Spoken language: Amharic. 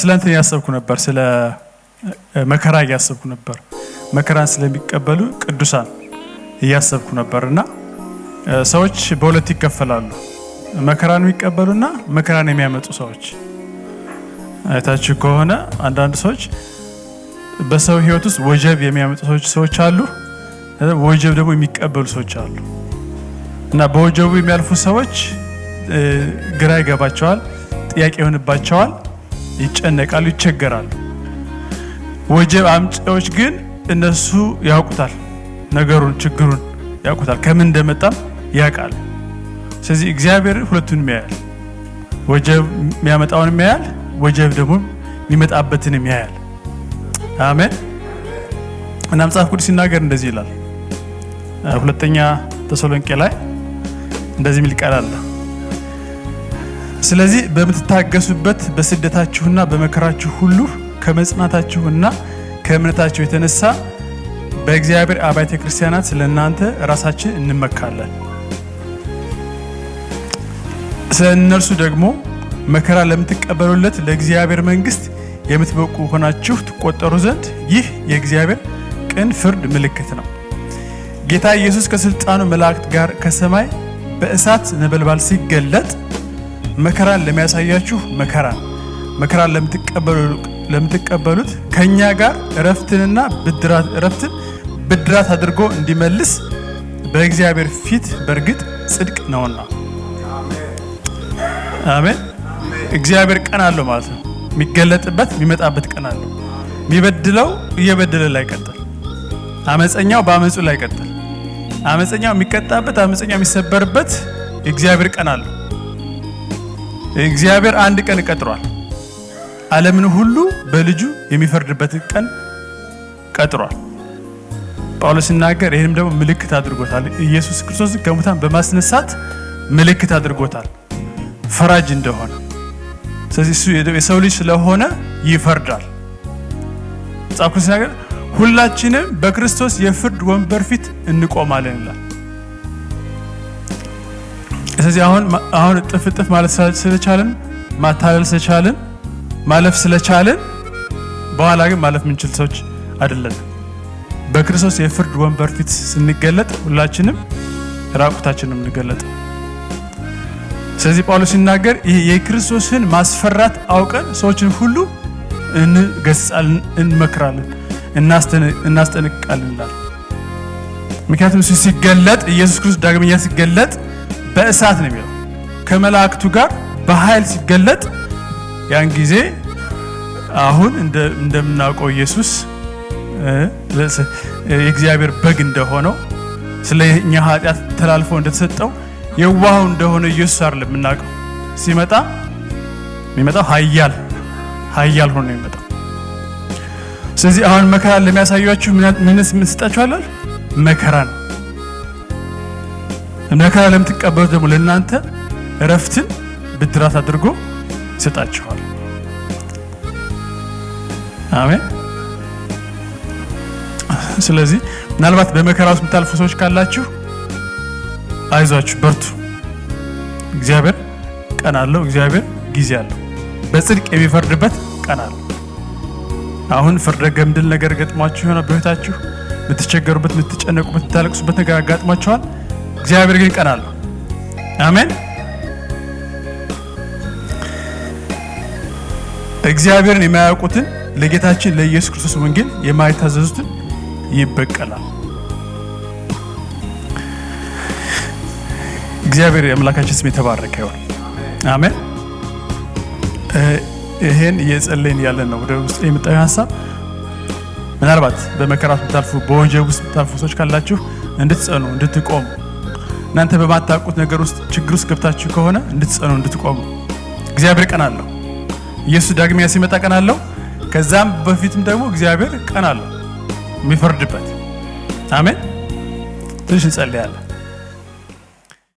ስለ እንትን ነበር፣ ስለ መከራ እያሰብኩ ነበር። መከራን ስለሚቀበሉ ቅዱሳን እያሰብኩ ነበር እና ሰዎች በሁለት ይከፈላሉ። መከራን የሚቀበሉና መከራን የሚያመጡ ሰዎች አይታችሁ ከሆነ አንዳንድ ሰዎች በሰው ህይወት ውስጥ ወጀብ የሚያመጡ ሰዎች አሉ። ወጀብ ደግሞ የሚቀበሉ ሰዎች አሉ እና በወጀቡ የሚያልፉ ሰዎች ግራ ይገባቸዋል፣ ጥያቄ ይሆንባቸዋል። ይጨነቃሉ፣ ይቸገራሉ። ወጀብ አምጪዎች ግን እነሱ ያውቁታል፣ ነገሩን፣ ችግሩን ያውቁታል፣ ከምን እንደመጣም ያውቃል። ስለዚህ እግዚአብሔር ሁለቱንም ያያል። ወጀብ የሚያመጣውንም ያያል፣ ወጀብ ደግሞ የሚመጣበትንም ያያል። አሜን። እና መጽሐፍ ቅዱስ ሲናገር እንደዚህ ይላል። ሁለተኛ ተሰሎንቄ ላይ እንደዚህ የሚል ቃል አለ ስለዚህ በምትታገሱበት በስደታችሁና በመከራችሁ ሁሉ ከመጽናታችሁና ከእምነታችሁ የተነሳ በእግዚአብሔር አብያተ ክርስቲያናት ስለእናንተ ራሳችን እንመካለን። ስለ እነርሱ ደግሞ መከራ ለምትቀበሉለት ለእግዚአብሔር መንግስት የምትበቁ ሆናችሁ ትቆጠሩ ዘንድ ይህ የእግዚአብሔር ቅን ፍርድ ምልክት ነው። ጌታ ኢየሱስ ከስልጣኑ መላእክት ጋር ከሰማይ በእሳት ነበልባል ሲገለጥ መከራን ለሚያሳያችሁ መከራ መከራን ለምትቀበሉት ከእኛ ጋር እረፍትንና እረፍትን ብድራት አድርጎ እንዲመልስ በእግዚአብሔር ፊት በእርግጥ ጽድቅ ነውና። አሜን። እግዚአብሔር ቀን አለው ማለት ነው። የሚገለጥበት የሚመጣበት ቀን አለው። የሚበድለው እየበደለ ላይ ቀጥል፣ አመፀኛው በአመፁ ላይ ቀጥል፣ አመፀኛው የሚቀጣበት፣ አመፀኛው የሚሰበርበት የእግዚአብሔር ቀን አለው። እግዚአብሔር አንድ ቀን ቀጥሯል። ዓለምን ሁሉ በልጁ የሚፈርድበት ቀን ቀጥሯል። ጳውሎስ ሲናገር ይህንም ደግሞ ምልክት አድርጎታል። ኢየሱስ ክርስቶስ ከሙታን በማስነሳት ምልክት አድርጎታል ፈራጅ እንደሆነ። ስለዚህ እሱ የሰው ልጅ ስለሆነ ይፈርዳል። መጽሐፍ ቅዱስ ሲናገር ሁላችንም በክርስቶስ የፍርድ ወንበር ፊት እንቆማለን ይላል። ስለዚህ አሁን አሁን እጥፍ እጥፍ ማለት ስለቻልን ማታለል ስለቻልን ማለፍ ስለቻልን በኋላ ግን ማለፍ ምንችል ሰዎች አይደለም። በክርስቶስ የፍርድ ወንበር ፊት ስንገለጥ ሁላችንም ራቁታችን እንገለጥ የምንገለጠው። ስለዚህ ጳውሎስ ሲናገር የክርስቶስን ማስፈራት አውቀን ሰዎችን ሁሉ እንገስጻለን፣ እንመክራለን፣ እናስጠነቅቃለን ይላል። ምክንያቱም ሲገለጥ ኢየሱስ ክርስቶስ ዳግመኛ ሲገለጥ በእሳት ነው የሚለው ከመላእክቱ ጋር በኃይል ሲገለጥ ያን ጊዜ አሁን እንደምናውቀው ኢየሱስ የእግዚአብሔር በግ እንደሆነው ስለ እኛ ኃጢአት ተላልፎ እንደተሰጠው የዋሁ እንደሆነ ኢየሱስ አይደለም የምናውቀው። ሲመጣ የሚመጣው ኃያል ኃያል ሆኖ ነው የሚመጣው። ስለዚህ አሁን መከራ ለሚያሳያችሁ ምን ስጣችኋለን? መከራን መከራ ለምትቀበሉት ደግሞ ለእናንተ እረፍትን ብድራት አድርጎ ይሰጣችኋል። አሜን። ስለዚህ ምናልባት በመከራ ውስጥ የምታልፉ ሰዎች ካላችሁ አይዟችሁ፣ በርቱ። እግዚአብሔር ቀን አለው። እግዚአብሔር ጊዜ አለው። በጽድቅ የሚፈርድበት ቀን አለው። አሁን ፍርደ ገምድል ነገር ገጥሟችሁ የሆነ በህታችሁ የምትቸገሩበት፣ የምትጨነቁበት፣ የምታለቅሱበት ነገር አጋጥሟችኋል። እግዚአብሔር ግን ይቀናሉ። አሜን። እግዚአብሔርን የማያውቁትን ለጌታችን ለኢየሱስ ክርስቶስ ወንጌል የማይታዘዙትን ይበቀላል። እግዚአብሔር የአምላካችን ስም የተባረከ ይሆን። አሜን። ይሄን እየጸለይን ያለን ነው። ወደ ውስጥ የምጣዩ ሀሳብ ምናልባት በመከራት የምታልፉ በወጀብ ውስጥ ምታልፉ ሰዎች ካላችሁ እንድትጸኑ እንድትቆሙ እናንተ በማታውቁት ነገር ውስጥ ችግር ውስጥ ገብታችሁ ከሆነ እንድትጸኑ እንድትቆሙ እግዚአብሔር ቀን አለው። ኢየሱስ ዳግሚያ ሲመጣ ቀን አለው። ከዛም በፊትም ደግሞ እግዚአብሔር ቀን አለው የሚፈርድበት። አሜን። ትንሽ እንጸልያለን።